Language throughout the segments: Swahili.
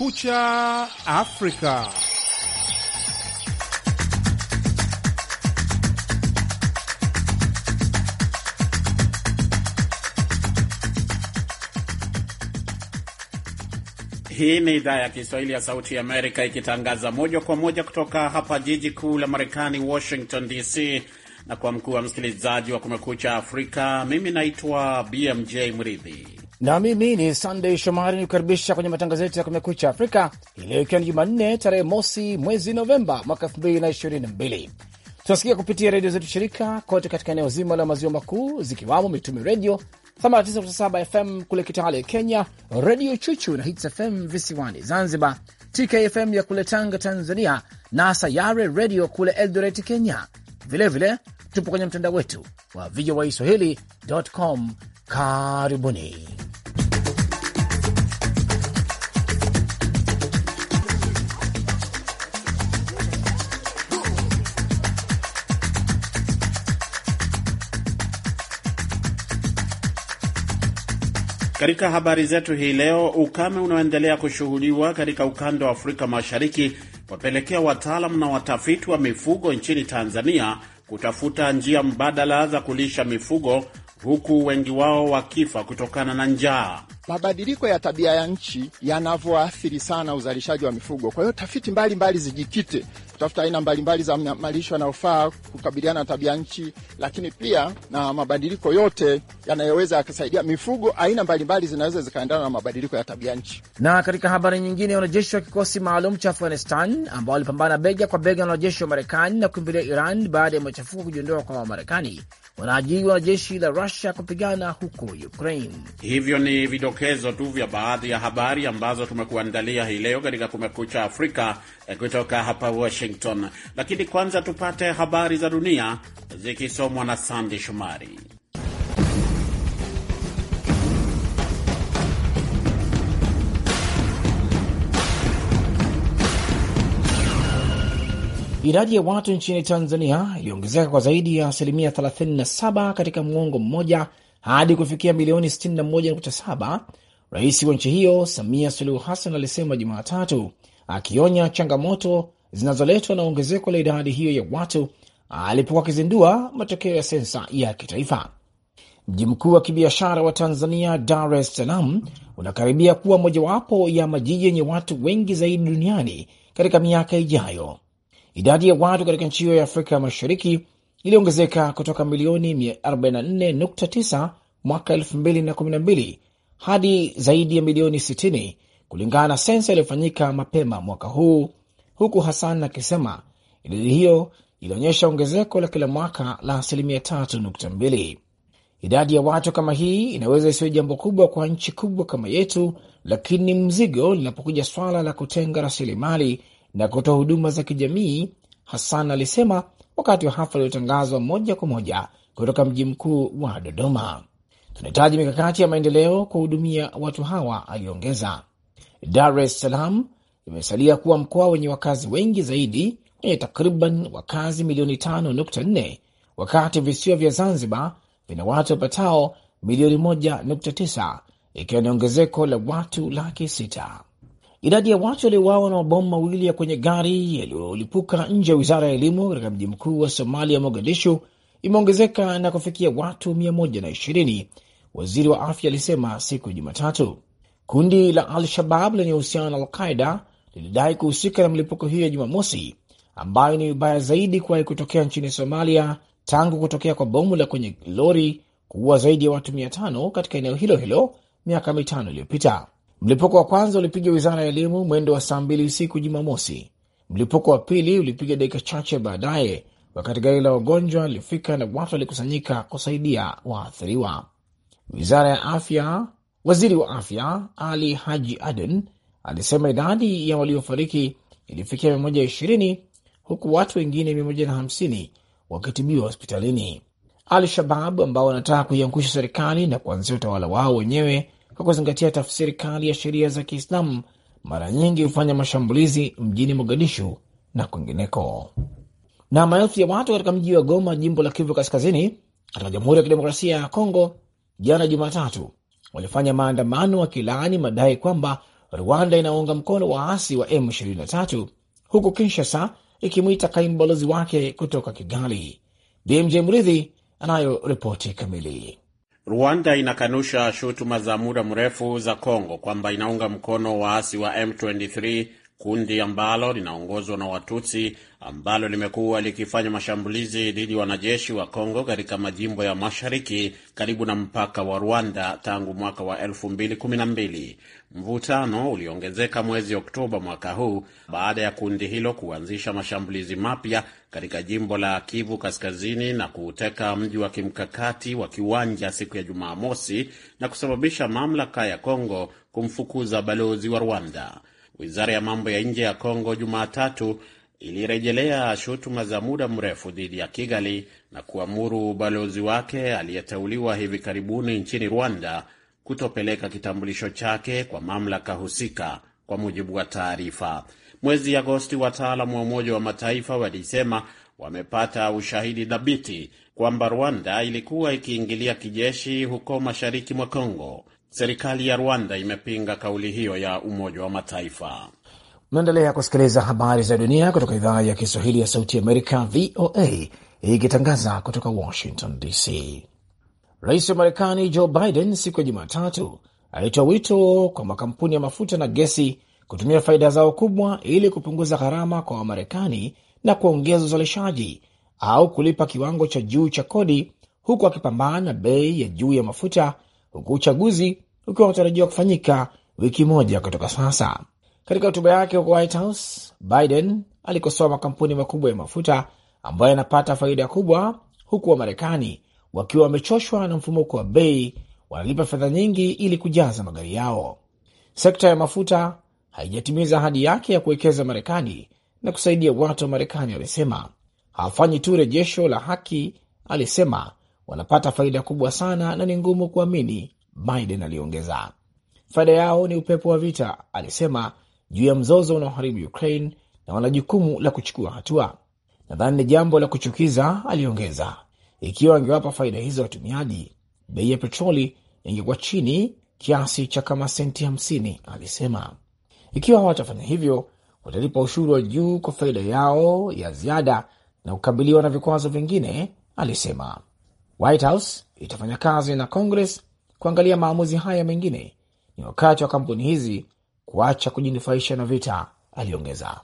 Kumekucha Afrika. Hii ni idhaa ya Kiswahili ya Sauti ya Amerika ikitangaza moja kwa moja kutoka hapa jiji kuu la Marekani, Washington DC. Na kwa mkuu wa msikilizaji wa Kumekucha Afrika, mimi naitwa BMJ Mridhi na mimi ni sandey Shomari nikukaribisha kwenye matangazo yetu ya Kumekucha Afrika hii leo, ikiwa ni Jumanne tarehe mosi mwezi Novemba mwaka 2022. Tunasikia kupitia redio zetu shirika kote katika eneo zima la maziwa makuu zikiwamo Mitume Redio 89.7 FM kule Kitale Kenya, Redio Chuchu na Hits FM visiwani Zanzibar, TKFM ya kule Tanga Tanzania na Sayare Redio kule Eldoret Kenya. Vilevile tupo kwenye mtandao wetu wa VOA Swahili.com. Karibuni. Katika habari zetu hii leo, ukame unaoendelea kushuhudiwa katika ukanda wa Afrika Mashariki wapelekea wataalamu na watafiti wa mifugo nchini Tanzania kutafuta njia mbadala za kulisha mifugo, huku wengi wao wakifa kutokana na njaa mabadiliko ya tabia ya nchi yanavyoathiri sana uzalishaji wa mifugo. Kwa hiyo tafiti mbalimbali zijikite kutafuta aina mbalimbali za malisho yanayofaa kukabiliana na tabia nchi, lakini pia na mabadiliko yote yanayoweza yakasaidia mifugo aina mbalimbali zinaweza zikaendana na mabadiliko ya tabia nchi. Na katika habari nyingine, wanajeshi wa kikosi maalum cha Afghanistan ambao walipambana bega kwa bega na wanajeshi wa Marekani na kukimbilia Iran baada ya machafuko kujiondoa kwa Wamarekani, wanaajiriwa na jeshi la Rusia kupigana huko Ukraine. Hivyo ni video vidokezo tu vya baadhi ya habari ambazo tumekuandalia hii leo katika Kumekucha Afrika eh, kutoka hapa Washington, lakini kwanza tupate habari za dunia zikisomwa na Sandi Shumari. Idadi ya watu nchini Tanzania iliongezeka kwa zaidi ya asilimia 37 katika muongo mmoja hadi kufikia milioni 61.7. Rais wa nchi hiyo Samia Suluhu Hassan alisema Jumatatu, akionya changamoto zinazoletwa na ongezeko la idadi hiyo ya watu alipokuwa akizindua matokeo ya sensa ya kitaifa. Mji mkuu wa kibiashara wa Tanzania, Dar es Salaam, unakaribia kuwa mojawapo ya majiji yenye watu wengi zaidi duniani katika miaka ijayo. Idadi ya watu katika nchi hiyo ya Afrika Mashariki iliongezeka kutoka milioni 44.9 mwaka 2012 hadi zaidi ya milioni 60 kulingana na sensa iliyofanyika mapema mwaka huu, huku Hassan akisema idadi hiyo ilionyesha ongezeko la kila mwaka la asilimia 3.2. Idadi ya watu kama hii inaweza isiwe jambo kubwa kwa nchi kubwa kama yetu, lakini mzigo linapokuja swala la kutenga rasilimali na kutoa huduma za kijamii, Hassan alisema wakati wa hafla iliyotangazwa moja kwa moja kutoka mji mkuu wa Dodoma. Tunahitaji mikakati ya maendeleo kuwahudumia watu hawa, aliongeza. Dar es Salaam imesalia kuwa mkoa wenye wakazi wengi zaidi wenye takriban wakazi milioni 5.4 wakati visiwa vya Zanzibar vina watu wapatao milioni 1.9 ikiwa ni ongezeko la watu laki sita. Idadi ya watu waliowawa na mabomu mawili ya kwenye gari yaliyolipuka nje ya wizara ya elimu katika mji mkuu wa Somalia, Mogadishu, imeongezeka na kufikia watu 120, waziri wa afya alisema siku ya Jumatatu. Kundi la Al-Shabab lenye uhusiano na alqaida lilidai kuhusika na mlipuko hiyo ya Jumamosi, ambayo ni vibaya zaidi kuwahi kutokea nchini Somalia tangu kutokea kwa bomu la kwenye lori kuua zaidi ya watu 500 katika eneo hilo hilo miaka mitano iliyopita. Mlipuko wa kwanza ulipiga wizara ya elimu mwendo wa saa mbili usiku Jumamosi. Mlipuko wa pili ulipiga dakika chache baadaye, wakati gari la wagonjwa lilifika na watu walikusanyika kusaidia waathiriwa. Wizara ya afya, waziri wa afya Ali Haji Aden alisema idadi ya waliofariki ilifikia ishirini huku watu wengine hamsini wakitibiwa hospitalini. Al Shabab ambao wanataka kuiangusha serikali na kuanzia utawala wao wenyewe kwa kuzingatia tafsiri kali ya sheria za Kiislamu mara nyingi hufanya mashambulizi mjini Mogadishu na kwingineko. Na maelfu ya watu katika mji wa Goma, jimbo la Kivu Kaskazini, katika Jamhuri ya Kidemokrasia ya Kongo, jana Jumatatu, walifanya maandamano wakilaani madai kwamba Rwanda inaunga mkono waasi wa M23, huku Kinshasa ikimwita kaimu balozi wake kutoka Kigali. BMJ Mridhi anayo ripoti kamili. Rwanda inakanusha shutuma za muda mrefu za congo kwamba inaunga mkono waasi wa M23 kundi ambalo linaongozwa na Watutsi ambalo limekuwa likifanya mashambulizi dhidi ya wanajeshi wa Kongo katika majimbo ya mashariki karibu na mpaka wa Rwanda tangu mwaka wa 2012. Mvutano uliongezeka mwezi Oktoba mwaka huu baada ya kundi hilo kuanzisha mashambulizi mapya katika jimbo la Kivu Kaskazini na kuuteka mji wa kimkakati wa Kiwanja siku ya Jumamosi na kusababisha mamlaka ya Kongo kumfukuza balozi wa Rwanda. Wizara ya mambo ya nje ya Kongo Jumatatu ilirejelea shutuma za muda mrefu dhidi ya Kigali na kuamuru ubalozi wake aliyeteuliwa hivi karibuni nchini Rwanda kutopeleka kitambulisho chake kwa mamlaka husika, kwa mujibu wa taarifa. Mwezi Agosti, wataalamu wa Umoja wa Mataifa walisema wamepata ushahidi thabiti kwamba Rwanda ilikuwa ikiingilia kijeshi huko mashariki mwa Kongo. Serikali ya Rwanda imepinga kauli hiyo ya Umoja wa Mataifa. Unaendelea kusikiliza habari za dunia kutoka idhaa ya Kiswahili ya Sauti Amerika, VOA, ikitangaza kutoka Washington DC. Rais wa Marekani Joe Biden siku ya Jumatatu alitoa wito kwa makampuni ya mafuta na gesi kutumia faida zao kubwa ili kupunguza gharama kwa Wamarekani na kuongeza uzalishaji au kulipa kiwango cha juu cha kodi, huku akipambana na bei ya juu ya mafuta huku uchaguzi ukiwa unatarajiwa kufanyika wiki moja kutoka sasa. Katika hotuba yake huko White House, Biden alikosoa makampuni makubwa ya mafuta ambayo yanapata faida kubwa, huku Wamarekani wakiwa wamechoshwa na mfumuko wa bei, wanalipa fedha nyingi ili kujaza magari yao. Sekta ya mafuta haijatimiza ahadi yake ya kuwekeza Marekani na kusaidia watu wa Marekani, wamesema. Hawafanyi tu rejesho la haki, alisema wanapata faida kubwa sana na ni ngumu kuamini, Biden aliongeza. Faida yao ni upepo wa vita, alisema, juu ya mzozo unaoharibu Ukraine, na wana jukumu la kuchukua hatua. Nadhani ni jambo la kuchukiza, aliongeza. Ikiwa angewapa faida hizo watumiaji, bei ya petroli ingekuwa chini kiasi cha kama senti hamsini, alisema. Ikiwa hawatafanya hivyo, watalipa ushuru wa juu kwa faida yao ya ziada na kukabiliwa na vikwazo vingine, alisema. White House itafanya kazi na Congress kuangalia maamuzi haya mengine. Ni wakati wa kampuni hizi kuacha kujinufaisha na vita, aliongeza.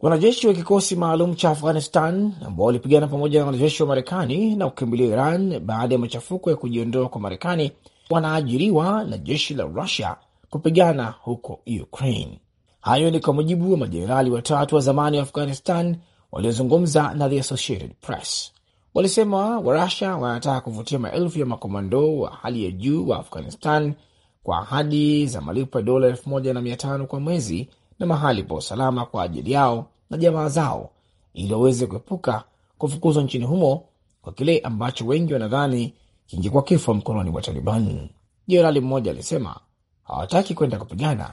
Wanajeshi wa kikosi maalum cha Afghanistan ambao walipigana pamoja na wanajeshi wa Marekani na kukimbilia Iran baada ya machafuko ya kujiondoa kwa Marekani wanaajiriwa na jeshi la Rusia kupigana huko Ukraine. Hayo ni kwa mujibu wa majenerali watatu wa zamani wa Afghanistan waliozungumza na The Associated Press walisema Warusia wanataka kuvutia maelfu ya makomando wa hali ya juu wa Afghanistan kwa ahadi za malipo ya dola elfu moja na mia tano kwa mwezi na mahali pa usalama kwa ajili yao na jamaa zao ili waweze kuepuka kufukuzwa nchini humo kwa kile ambacho wengi wanadhani kingekuwa kifo mkononi mwa Taliban. Jenerali mmoja alisema hawataki kwenda kupigana,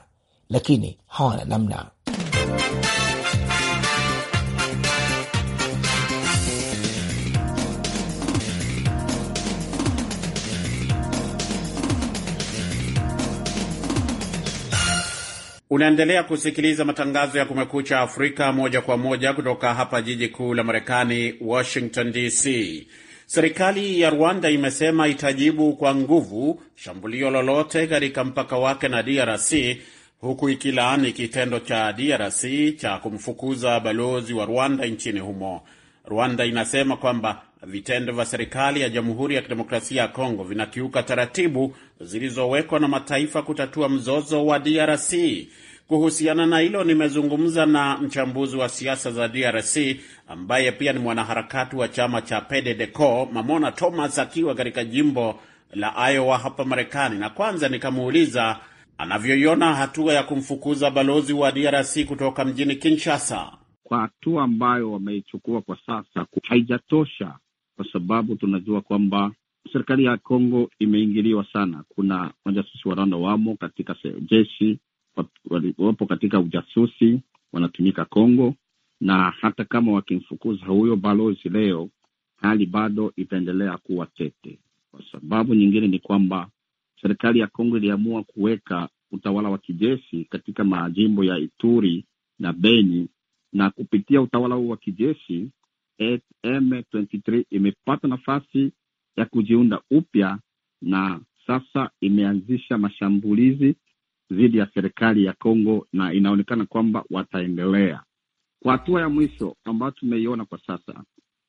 lakini hawana namna. Unaendelea kusikiliza matangazo ya Kumekucha Afrika moja kwa moja kutoka hapa jiji kuu la Marekani, Washington DC. Serikali ya Rwanda imesema itajibu kwa nguvu shambulio lolote katika mpaka wake na DRC, huku ikilaani kitendo cha DRC cha kumfukuza balozi wa Rwanda nchini humo. Rwanda inasema kwamba vitendo vya serikali ya Jamhuri ya Kidemokrasia ya Kongo vinakiuka taratibu zilizowekwa na mataifa kutatua mzozo wa DRC. Kuhusiana na hilo, nimezungumza na mchambuzi wa siasa za DRC ambaye pia ni mwanaharakati wa chama cha PDDCO, Mamona Thomas, akiwa katika jimbo la Iowa hapa Marekani, na kwanza nikamuuliza anavyoiona hatua ya kumfukuza balozi wa DRC kutoka mjini Kinshasa. Kwa hatua ambayo wameichukua kwa sasa haijatosha kwa sababu tunajua kwamba serikali ya Kongo imeingiliwa sana. Kuna majasusi wa Rwanda wamo katika jeshi, wapo katika ujasusi, wanatumika Kongo, na hata kama wakimfukuza huyo balozi leo, hali bado itaendelea kuwa tete. Kwa sababu nyingine ni kwamba serikali ya Kongo iliamua kuweka utawala wa kijeshi katika majimbo ya Ituri na Beni, na kupitia utawala huu wa kijeshi M23 imepata nafasi ya kujiunda upya na sasa imeanzisha mashambulizi dhidi ya serikali ya Kongo na inaonekana kwamba wataendelea. Kwa hatua ya mwisho ambayo tumeiona kwa sasa,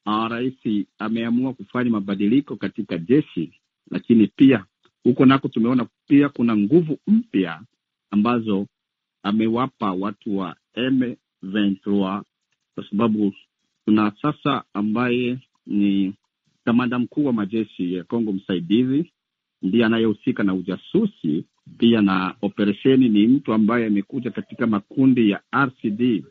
ah, rais ameamua kufanya mabadiliko katika jeshi, lakini pia huko nako tumeona pia kuna nguvu mpya ambazo amewapa watu wa M23 kwa sababu Tuna sasa ambaye ni kamanda mkuu wa majeshi ya Kongo msaidizi, ndiye anayehusika na ujasusi pia na operesheni. Ni mtu ambaye amekuja katika makundi ya RCD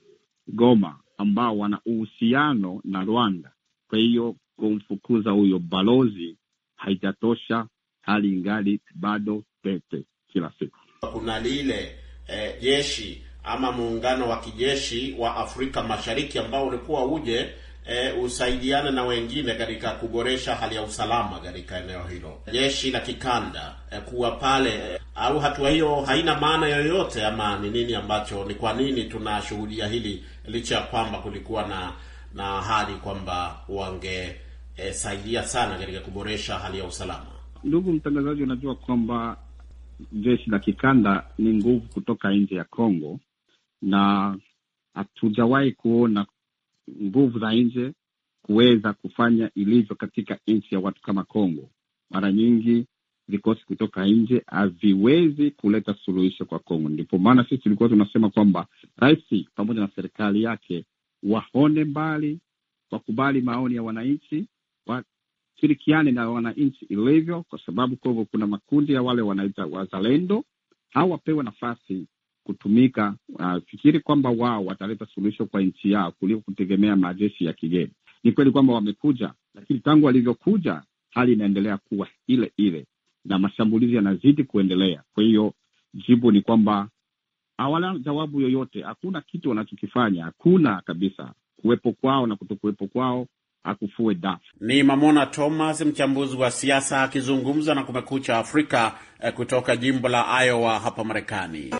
Goma ambao wana uhusiano na Rwanda. Kwa hiyo kumfukuza huyo balozi haijatosha, hali ingali bado tete kila siku. Kuna lile eh, jeshi ama muungano wa kijeshi wa Afrika Mashariki ambao ulikuwa uje e, usaidiane na wengine katika kuboresha hali ya usalama katika eneo hilo, jeshi la kikanda e, kuwa pale eh, au hatua hiyo haina maana yoyote, ama ni nini ambacho, ni kwa nini tunashuhudia hili licha ya kwamba kulikuwa na na ahadi kwamba wangesaidia e, sana katika kuboresha hali ya usalama? Ndugu mtangazaji, unajua kwamba jeshi la kikanda ni nguvu kutoka nje ya Kongo na hatujawahi kuona nguvu za nje kuweza kufanya ilivyo katika nchi ya watu kama Kongo. Mara nyingi vikosi kutoka nje haviwezi kuleta suluhisho kwa Kongo. Ndipo maana sisi tulikuwa tunasema kwamba rais pamoja na serikali yake waone mbali, wakubali maoni ya wananchi, washirikiane na wananchi ilivyo, kwa sababu Kongo kuna makundi ya wale wanaita wazalendo, hawapewe nafasi kutumika. Nafikiri uh, fikiri kwamba wao wataleta suluhisho kwa nchi yao kuliko kutegemea majeshi ya kigeni. Ni kweli kwamba wamekuja, lakini tangu walivyokuja hali inaendelea kuwa ile ile na mashambulizi yanazidi kuendelea. Kwa hiyo jibu ni kwamba hawana jawabu yoyote, hakuna kitu wanachokifanya, hakuna kabisa. Kuwepo kwao na kutokuwepo kwao hakufue dafu. Ni Mamona Thomas, mchambuzi wa siasa akizungumza na Kumekucha Afrika eh, kutoka jimbo la Iowa hapa Marekani.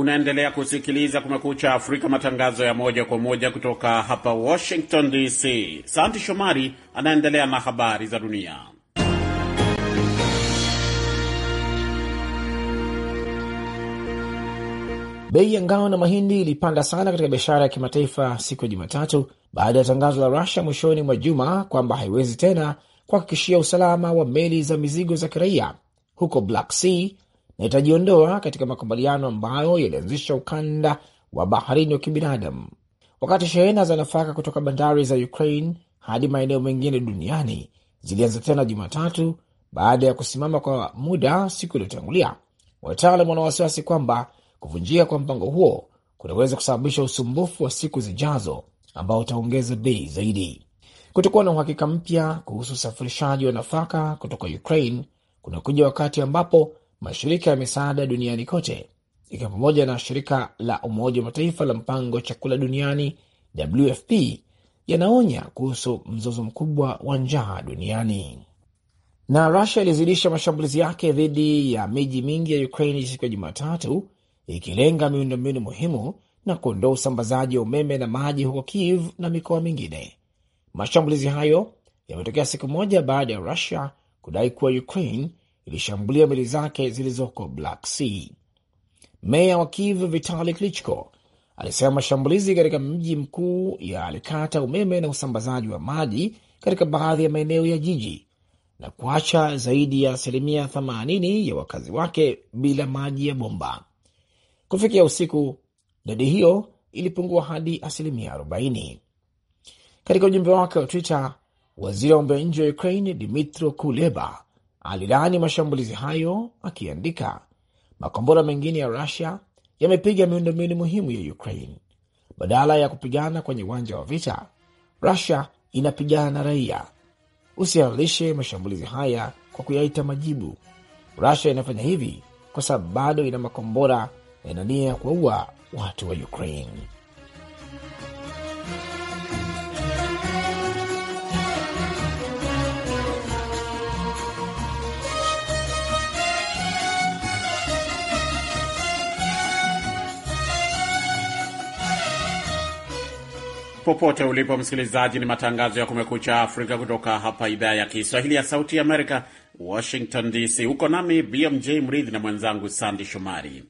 Unaendelea kusikiliza Kumekucha Afrika, matangazo ya moja kwa moja kutoka hapa Washington DC. Santi Shomari anaendelea na habari za dunia. Bei ya ngao na mahindi ilipanda sana katika biashara ya kimataifa siku ya Jumatatu baada ya tangazo la Rusia mwishoni mwa juma kwamba haiwezi tena kuhakikishia usalama wa meli za mizigo za kiraia huko Black Sea na itajiondoa katika makubaliano ambayo yalianzisha ukanda wa baharini wa kibinadamu. Wakati shehena za nafaka kutoka bandari za Ukraine hadi maeneo mengine duniani zilianza tena Jumatatu baada ya kusimama kwa muda siku iliyotangulia, wataalam wana wasiwasi kwamba kuvunjika kwa mpango huo kunaweza kusababisha usumbufu wa siku zijazo ambao utaongeza bei zaidi. Kutokuwa na uhakika mpya kuhusu usafirishaji wa nafaka kutoka Ukraine kunakuja wakati ambapo mashirika ya misaada duniani kote ikiwa pamoja na shirika la Umoja wa Mataifa la mpango wa chakula duniani WFP yanaonya kuhusu mzozo mkubwa wa njaa duniani. Na Rusia ilizidisha mashambulizi yake dhidi ya miji mingi ya Ukraini siku ya Jumatatu, ikilenga miundombinu muhimu na kuondoa usambazaji wa umeme na maji huko Kiev na mikoa mingine. Mashambulizi hayo yametokea siku moja baada ya Rusia kudai kuwa Ukraine ilishambulia meli zake zilizoko Black Sea. Meya wa Kiev Vitali Klitschko alisema mashambulizi katika mji mkuu yalikata umeme na usambazaji wa maji katika baadhi ya maeneo ya jiji na kuacha zaidi ya asilimia 80 ya wakazi wake bila maji ya bomba. Kufikia usiku, idadi hiyo ilipungua hadi asilimia 40. Katika ujumbe wake wa Twitter, waziri wa mambo ya nje wa Ukraine Dmitro Kuleba alilaani mashambulizi hayo akiandika, makombora mengine ya Rusia yamepiga miundombinu muhimu ya Ukraine. Badala ya kupigana kwenye uwanja wa vita, Rusia inapigana na raia. Usihalalishe mashambulizi haya kwa kuyaita majibu. Rusia inafanya hivi kwa sababu bado ina makombora na ina nia ya kuwaua watu wa Ukraine. Popote ulipo msikilizaji, ni matangazo ya Kumekucha Afrika kutoka hapa idhaa ya Kiswahili ya Sauti Amerika, Washington DC. Huko nami BMJ Mridhi na mwenzangu Sandi Shomari.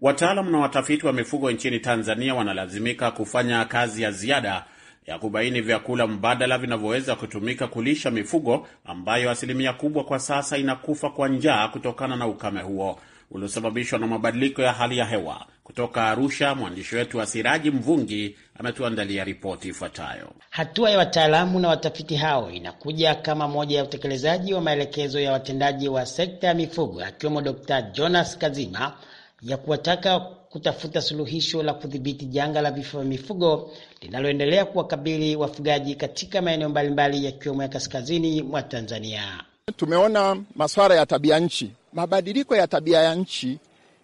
Wataalamu na watafiti wa mifugo nchini Tanzania wanalazimika kufanya kazi ya ziada ya kubaini vyakula mbadala vinavyoweza kutumika kulisha mifugo ambayo asilimia kubwa kwa sasa inakufa kwa njaa kutokana na ukame huo uliosababishwa na mabadiliko ya hali ya hewa. Kutoka Arusha, mwandishi wetu wa Siraji Mvungi ametuandalia ripoti ifuatayo. Hatua ya wataalamu na watafiti hao inakuja kama moja ya utekelezaji wa maelekezo ya watendaji wa sekta ya mifugo akiwemo Dr. Jonas Kazima ya kuwataka kutafuta suluhisho la kudhibiti janga la vifo vya mifugo linaloendelea kuwakabili wafugaji katika maeneo mbalimbali yakiwemo ya kaskazini mwa Tanzania. Tumeona masuala ya tabia nchi, mabadiliko ya tabia ya nchi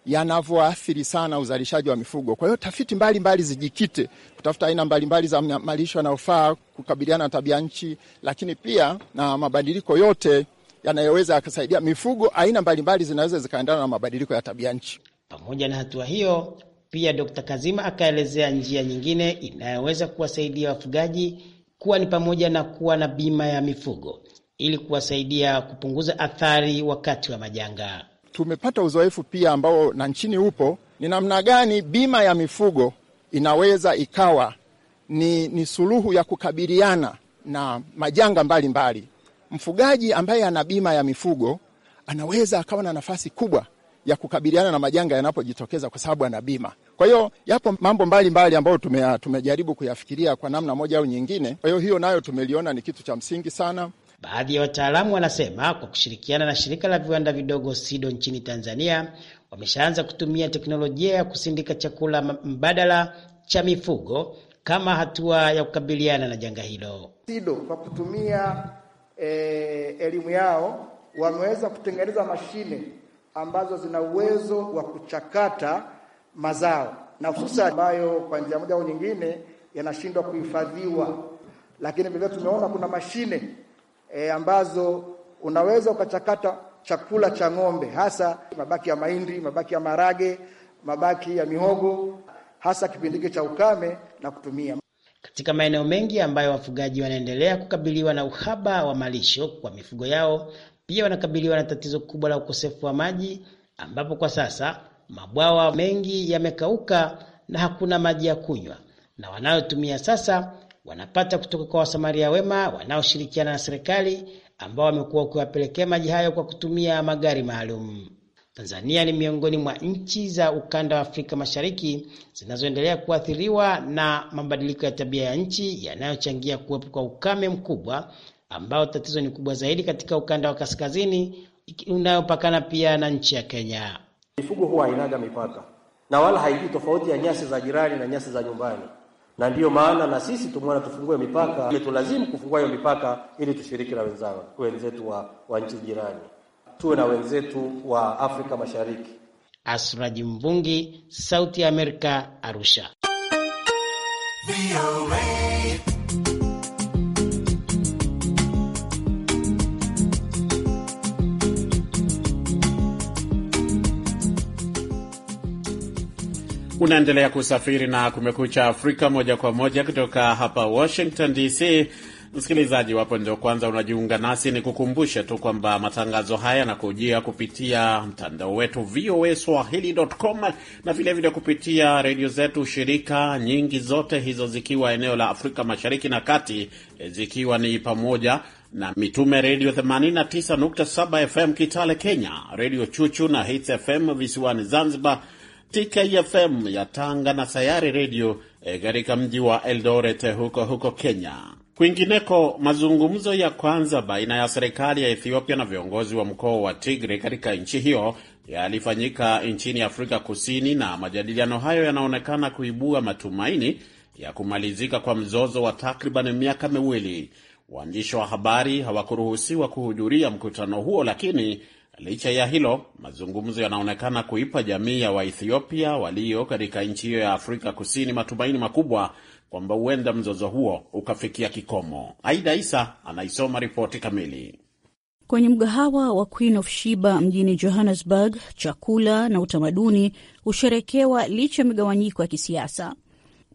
yanavyoathiri sana uzalishaji wa mifugo. Kwa hiyo tafiti mbalimbali zijikite kutafuta aina mbalimbali za malisho yanayofaa kukabiliana na tabia nchi, lakini pia na mabadiliko yote yanayoweza yakasaidia mifugo aina mbalimbali zinaweza zikaendana na mabadiliko ya tabia nchi. Pamoja na hatua hiyo, pia Dkt. Kazima akaelezea njia nyingine inayoweza kuwasaidia wafugaji kuwa ni pamoja na kuwa na bima ya mifugo ili kuwasaidia kupunguza athari wakati wa majanga tumepata uzoefu pia ambao na nchini upo, ni namna gani bima ya mifugo inaweza ikawa ni, ni suluhu ya kukabiliana na majanga mbalimbali mbali. Mfugaji ambaye ana bima ya mifugo anaweza akawa na nafasi kubwa ya kukabiliana na majanga yanapojitokeza kwa sababu ana bima. Kwa hiyo yapo mambo mbalimbali ambayo tumejaribu kuyafikiria kwa namna moja au nyingine. Kwa hiyo hiyo nayo tumeliona ni kitu cha msingi sana. Baadhi ya wataalamu wanasema kwa kushirikiana na shirika la viwanda vidogo SIDO nchini Tanzania wameshaanza kutumia teknolojia ya kusindika chakula mbadala cha mifugo kama hatua ya kukabiliana na janga hilo. SIDO kwa kutumia e, elimu yao wameweza kutengeneza mashine ambazo zina uwezo wa kuchakata mazao na hususan ambayo kwa njia moja au nyingine yanashindwa kuhifadhiwa, lakini vile tumeona kuna mashine e, ambazo unaweza ukachakata chakula cha ng'ombe, hasa mabaki ya mahindi, mabaki ya marage, mabaki ya mihogo, hasa kipindi cha ukame na kutumia katika maeneo mengi ambayo wafugaji wanaendelea kukabiliwa na uhaba wa malisho kwa mifugo yao, pia wanakabiliwa na tatizo kubwa la ukosefu wa maji, ambapo kwa sasa mabwawa mengi yamekauka na hakuna maji ya kunywa, na wanayotumia sasa wanapata kutoka kwa Wasamaria wema wanaoshirikiana na serikali ambao wamekuwa wakiwapelekea maji hayo kwa kutumia magari maalum. Tanzania ni miongoni mwa nchi za ukanda wa Afrika Mashariki zinazoendelea kuathiriwa na mabadiliko ya tabia ya nchi yanayochangia kuwepo kwa ukame mkubwa ambao tatizo ni kubwa zaidi katika ukanda wa kaskazini unayopakana pia na nchi ya Kenya. Mifugo huwa hainaga mipaka na wala haijui tofauti ya nyasi za jirani na nyasi za nyumbani na ndiyo maana na sisi tumwona tufungue mipaka, tulazimu kufungua hiyo mipaka ili tushiriki na wenzao wenzetu wa, wa nchi jirani, tuwe na wenzetu wa Afrika Mashariki. Asraji Mvungi, Sauti ya Amerika, Arusha. Unaendelea kusafiri na Kumekucha Afrika moja kwa moja kutoka hapa Washington DC. Msikilizaji wapo ndio kwanza unajiunga nasi, ni kukumbushe tu kwamba matangazo haya yanakujia kupitia mtandao wetu VOA swahili.com na vilevile vile kupitia redio zetu shirika nyingi, zote hizo zikiwa eneo la Afrika Mashariki na Kati, zikiwa ni pamoja na Mitume Redio 89.7 FM Kitale Kenya, Redio Chuchu na Hits FM visiwani Zanzibar, TKFM ya Tanga na Sayari Redio eh, katika e, mji wa Eldoret eh, huko huko Kenya. Kwingineko, mazungumzo ya kwanza baina ya serikali ya Ethiopia na viongozi wa mkoa wa Tigre katika nchi hiyo yalifanyika nchini Afrika Kusini, na majadiliano hayo yanaonekana kuibua matumaini ya kumalizika kwa mzozo wa takriban miaka miwili. Waandishi wa habari hawakuruhusiwa kuhudhuria mkutano huo, lakini Licha ya hilo, mazungumzo yanaonekana kuipa jamii ya Waethiopia walio katika nchi hiyo ya Afrika Kusini matumaini makubwa kwamba huenda mzozo huo ukafikia kikomo. Aida Isa anaisoma ripoti kamili. Kwenye mgahawa wa Queen of Sheba mjini Johannesburg, chakula na utamaduni husherekewa licha ya migawanyiko ya kisiasa.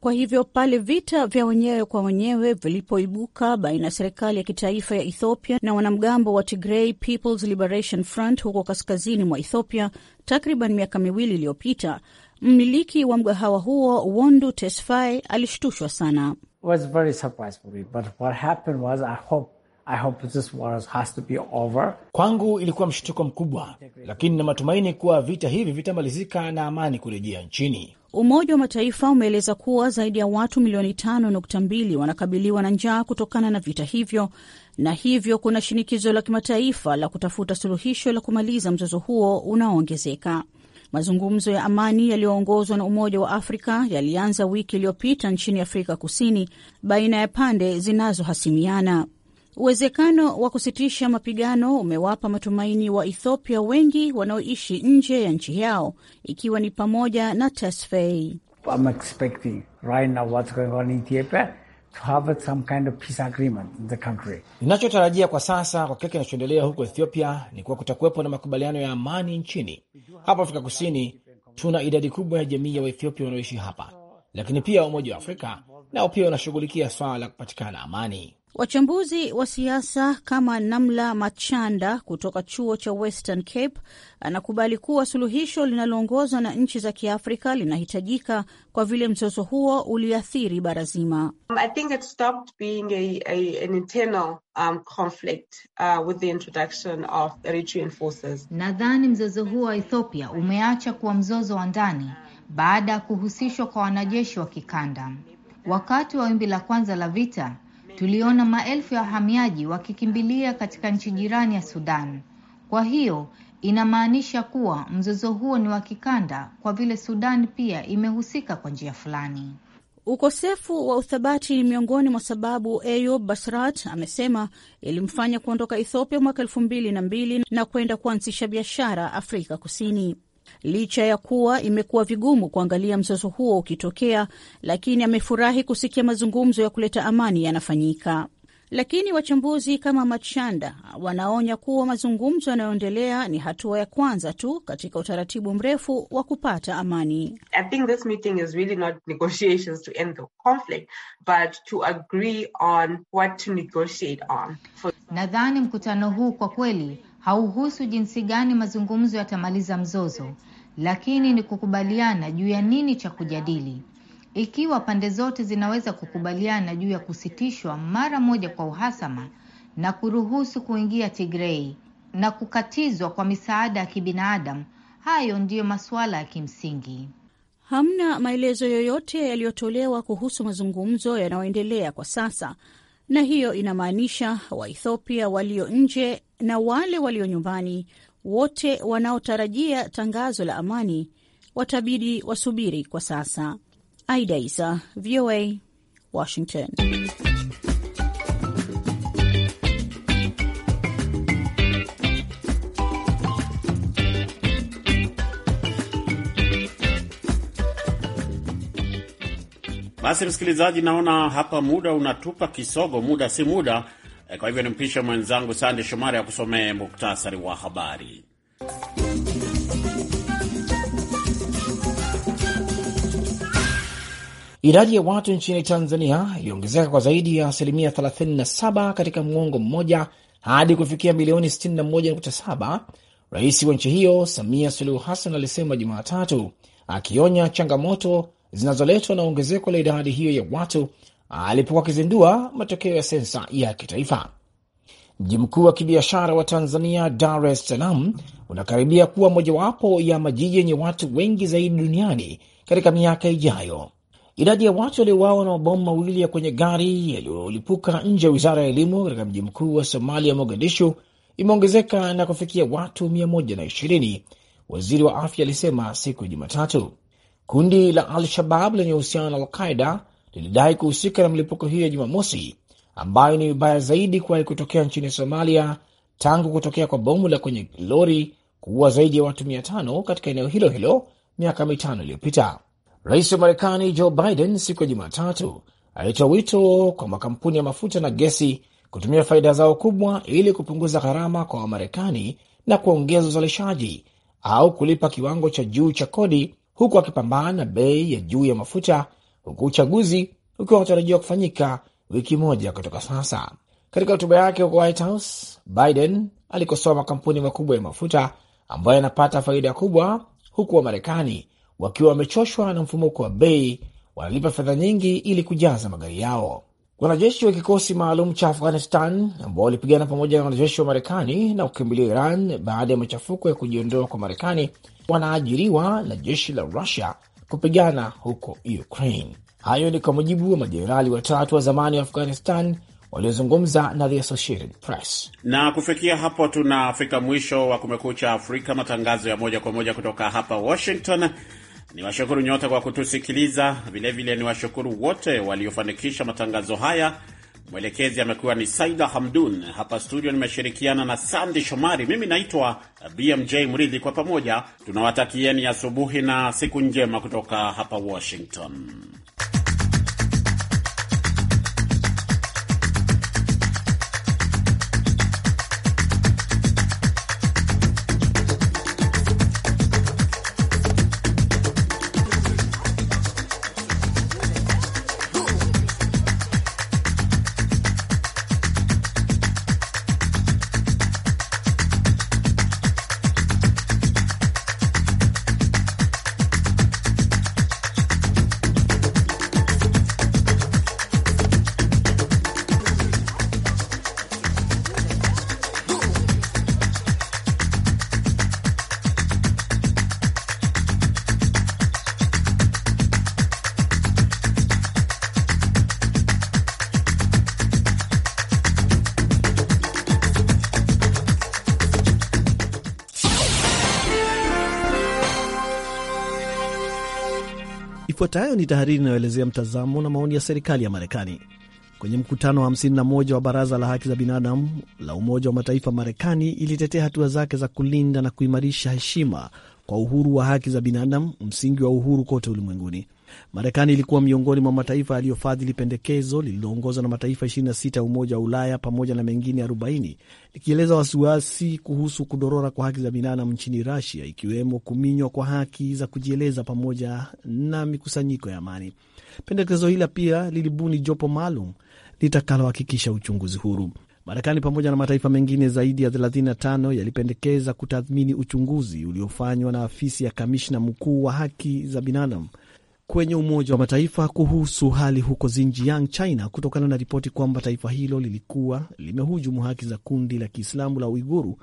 Kwa hivyo pale vita vya wenyewe kwa wenyewe vilipoibuka baina ya serikali ya kitaifa ya Ethiopia na wanamgambo wa Tigray People's Liberation Front huko kaskazini mwa Ethiopia takriban miaka miwili iliyopita, mmiliki wa mgahawa huo Wondu Tesfai alishtushwa sana. Kwangu ilikuwa mshtuko mkubwa, lakini na matumaini kuwa vita hivi vitamalizika na amani kurejea nchini. Umoja wa Mataifa umeeleza kuwa zaidi ya watu milioni 5.2 wanakabiliwa na njaa kutokana na vita hivyo, na hivyo kuna shinikizo la kimataifa la kutafuta suluhisho la kumaliza mzozo huo unaoongezeka. Mazungumzo ya amani yaliyoongozwa na Umoja wa Afrika yalianza wiki iliyopita nchini Afrika Kusini baina ya pande zinazohasimiana. Uwezekano wa kusitisha mapigano umewapa matumaini wa Ethiopia wengi wanaoishi nje ya nchi yao, ikiwa ni pamoja na Tesfaye. Ninachotarajia kwa sasa kwa kile kinachoendelea huko Ethiopia ni kuwa kutakuwepo na makubaliano ya amani nchini. Hapa Afrika Kusini tuna idadi kubwa ya jamii ya Waethiopia wanaoishi hapa, lakini pia Umoja wa Afrika nao pia unashughulikia swala la kupatikana amani. Wachambuzi wa siasa kama Namla Machanda kutoka chuo cha Western Cape anakubali kuwa suluhisho linaloongozwa na nchi za Kiafrika linahitajika kwa vile mzozo huo uliathiri bara zima. Um, um, uh, Nadhani mzozo huo wa Ethiopia umeacha kuwa mzozo wa ndani baada ya kuhusishwa kwa wanajeshi wa kikanda wakati wa wimbi la kwanza la vita. Tuliona maelfu ya wahamiaji wakikimbilia katika nchi jirani ya Sudan. Kwa hiyo inamaanisha kuwa mzozo huo ni wa kikanda, kwa vile Sudan pia imehusika kwa njia fulani. Ukosefu wa uthabati ni miongoni mwa sababu Eyub Basrat amesema ilimfanya kuondoka Ethiopia mwaka elfu mbili na mbili na kwenda kuanzisha biashara Afrika Kusini licha ya kuwa imekuwa vigumu kuangalia mzozo huo ukitokea, lakini amefurahi kusikia mazungumzo ya kuleta amani yanafanyika. Lakini wachambuzi kama Machanda wanaonya kuwa mazungumzo yanayoendelea ni hatua ya kwanza tu katika utaratibu mrefu wa kupata amani. Nadhani mkutano huu kwa kweli hauhusu jinsi gani mazungumzo yatamaliza mzozo, lakini ni kukubaliana juu ya nini cha kujadili. Ikiwa pande zote zinaweza kukubaliana juu ya kusitishwa mara moja kwa uhasama na kuruhusu kuingia Tigrei na kukatizwa kwa misaada ya kibinadamu, hayo ndiyo masuala ya kimsingi. Hamna maelezo yoyote yaliyotolewa kuhusu mazungumzo yanayoendelea kwa sasa, na hiyo inamaanisha Waethiopia walio nje na wale walio nyumbani wote wanaotarajia tangazo la amani watabidi wasubiri kwa sasa. Aida Isa, VOA, Washington. Basi msikilizaji, naona hapa muda unatupa kisogo, muda si muda Eh, kwa hivyo ni mpishe mwenzangu Sande Shomari akusomee muktasari wa habari. Idadi ya watu nchini Tanzania iliongezeka kwa zaidi ya asilimia 37 katika mwongo mmoja hadi kufikia milioni 61.7, Rais wa nchi hiyo Samia Suluhu Hassan alisema Jumatatu, akionya changamoto zinazoletwa na ongezeko la idadi hiyo ya watu alipokuwa akizindua matokeo ya sensa ya kitaifa. Mji mkuu wa kibiashara wa Tanzania, Dar es Salaam, unakaribia kuwa mojawapo ya majiji yenye watu wengi zaidi duniani katika miaka ijayo. Idadi ya watu waliowawa na mabomu mawili ya kwenye gari yaliyolipuka nje ya wizara ya elimu katika mji mkuu wa Somalia, Mogadishu, imeongezeka na kufikia watu 120, waziri wa afya alisema siku ya Jumatatu. Kundi la Al-Shabab lenye uhusiano na Alqaida lilidai kuhusika na mlipuko hiyo ya Jumamosi ambayo ni vibaya zaidi kuwahi kutokea nchini Somalia tangu kutokea kwa bomu la kwenye lori kuua zaidi ya watu mia tano katika eneo hilo hilo miaka mitano iliyopita. Rais wa Marekani Joe Biden siku ya Jumatatu alitoa wito kwa makampuni ya mafuta na gesi kutumia faida zao kubwa ili kupunguza gharama kwa Wamarekani na kuongeza uzalishaji au kulipa kiwango cha juu cha kodi, huku akipambana na bei ya juu ya mafuta huku uchaguzi ukiwa unatarajiwa kufanyika wiki moja kutoka sasa. Katika hotuba yake huko White House, Biden alikosoa makampuni makubwa ya mafuta ambayo yanapata faida kubwa, huku Wamarekani wakiwa wamechoshwa na mfumuko wa bei, wanalipa fedha nyingi ili kujaza magari yao. Wanajeshi wa kikosi maalum cha Afghanistan ambao walipigana pamoja na wanajeshi wa Marekani na kukimbilia Iran baada ya machafuko ya kujiondoa kwa Marekani wanaajiriwa na jeshi la Rusia kupigana huko Ukraine. Hayo ni kwa mujibu wa majenerali watatu wa zamani wa Afghanistan waliozungumza na The Associated Press. Na kufikia hapo tunafika mwisho wa Kumekucha Afrika, matangazo ya moja kwa moja kutoka hapa Washington. Ni washukuru nyote kwa kutusikiliza, vilevile ni washukuru wote waliofanikisha matangazo haya Mwelekezi amekuwa ni Saida Hamdun. Hapa studio nimeshirikiana na Sandi Shomari. Mimi naitwa BMJ Mridhi. Kwa pamoja tunawatakieni asubuhi na siku njema kutoka hapa Washington. Ifuatayo ni tahariri inayoelezea mtazamo na maoni ya serikali ya Marekani. Kwenye mkutano wa 51 wa Baraza la Haki za Binadamu la Umoja wa Mataifa, Marekani ilitetea hatua zake za kulinda na kuimarisha heshima kwa uhuru wa haki za binadamu, msingi wa uhuru kote ulimwenguni. Marekani ilikuwa miongoni mwa mataifa yaliyofadhili pendekezo lililoongozwa na mataifa 26 ya Umoja wa Ulaya pamoja na mengine 40 likieleza wasiwasi kuhusu kudorora kwa haki za binadamu nchini Rusia, ikiwemo kuminywa kwa haki za kujieleza pamoja na mikusanyiko ya amani. Pendekezo hila pia lilibuni jopo maalum litakalohakikisha uchunguzi huru. Marekani pamoja na mataifa mengine zaidi ya 35 yalipendekeza kutathmini uchunguzi uliofanywa na afisi ya kamishna mkuu wa haki za binadamu kwenye Umoja wa Mataifa kuhusu hali huko Xinjiang, China, kutokana na ripoti kwamba taifa hilo lilikuwa limehujumu haki za kundi la Kiislamu la Uiguru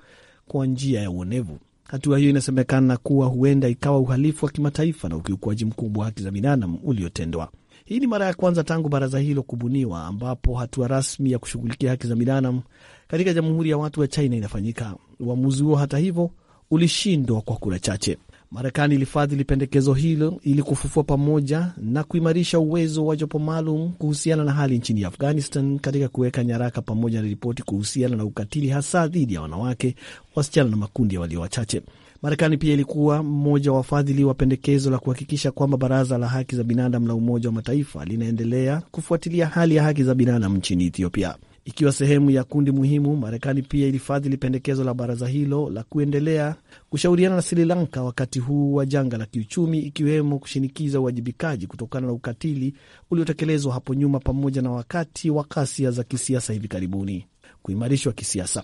kwa njia ya uonevu. Hatua hiyo inasemekana kuwa huenda ikawa uhalifu wa kimataifa na ukiukwaji mkubwa wa haki za binadamu uliotendwa. Hii ni mara ya kwanza tangu baraza hilo kubuniwa ambapo hatua rasmi ya kushughulikia haki za binadamu katika Jamhuri ya Watu wa China inafanyika. Uamuzi huo hata hivyo ulishindwa kwa kura chache. Marekani ilifadhili pendekezo hilo ili kufufua pamoja na kuimarisha uwezo wa jopo maalum kuhusiana na hali nchini Afghanistan katika kuweka nyaraka pamoja na ripoti kuhusiana na ukatili hasa dhidi ya wanawake, wasichana na makundi ya walio wachache. Marekani pia ilikuwa mmoja wa wafadhili wa pendekezo la kuhakikisha kwamba Baraza la Haki za Binadamu la Umoja wa Mataifa linaendelea kufuatilia hali ya haki za binadamu nchini Ethiopia. Ikiwa sehemu ya kundi muhimu, Marekani pia ilifadhili pendekezo la baraza hilo la kuendelea kushauriana na Sri Lanka wakati huu wa janga la kiuchumi, ikiwemo kushinikiza uwajibikaji kutokana na ukatili uliotekelezwa hapo nyuma, pamoja na wakati wa ghasia za kisiasa hivi karibuni. Kuimarishwa kisiasa,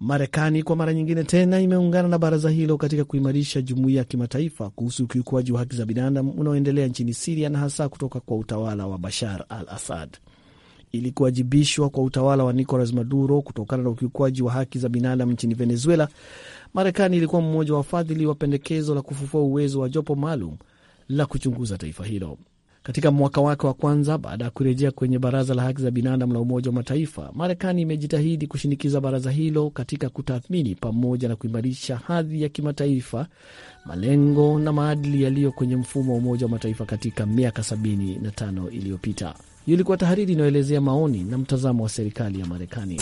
Marekani kwa mara nyingine tena imeungana na baraza hilo katika kuimarisha jumuiya ya kimataifa kuhusu ukiukwaji wa haki za binadamu unaoendelea nchini Siria na hasa kutoka kwa utawala wa Bashar al Assad ili kuwajibishwa kwa utawala wa Nicolas Maduro kutokana na ukiukwaji wa haki za binadamu nchini Venezuela, Marekani ilikuwa mmoja wa wafadhili wa pendekezo la kufufua uwezo wa jopo maalum la kuchunguza taifa hilo. Katika mwaka wake wa kwanza baada ya kurejea kwenye Baraza la Haki za Binadamu la Umoja wa Mataifa, Marekani imejitahidi kushinikiza baraza hilo katika kutathmini pamoja na kuimarisha hadhi ya kimataifa, malengo na maadili yaliyo kwenye mfumo wa Umoja wa Mataifa katika miaka 75 iliyopita. Hiyo ilikuwa tahariri inayoelezea maoni na mtazamo wa serikali ya Marekani.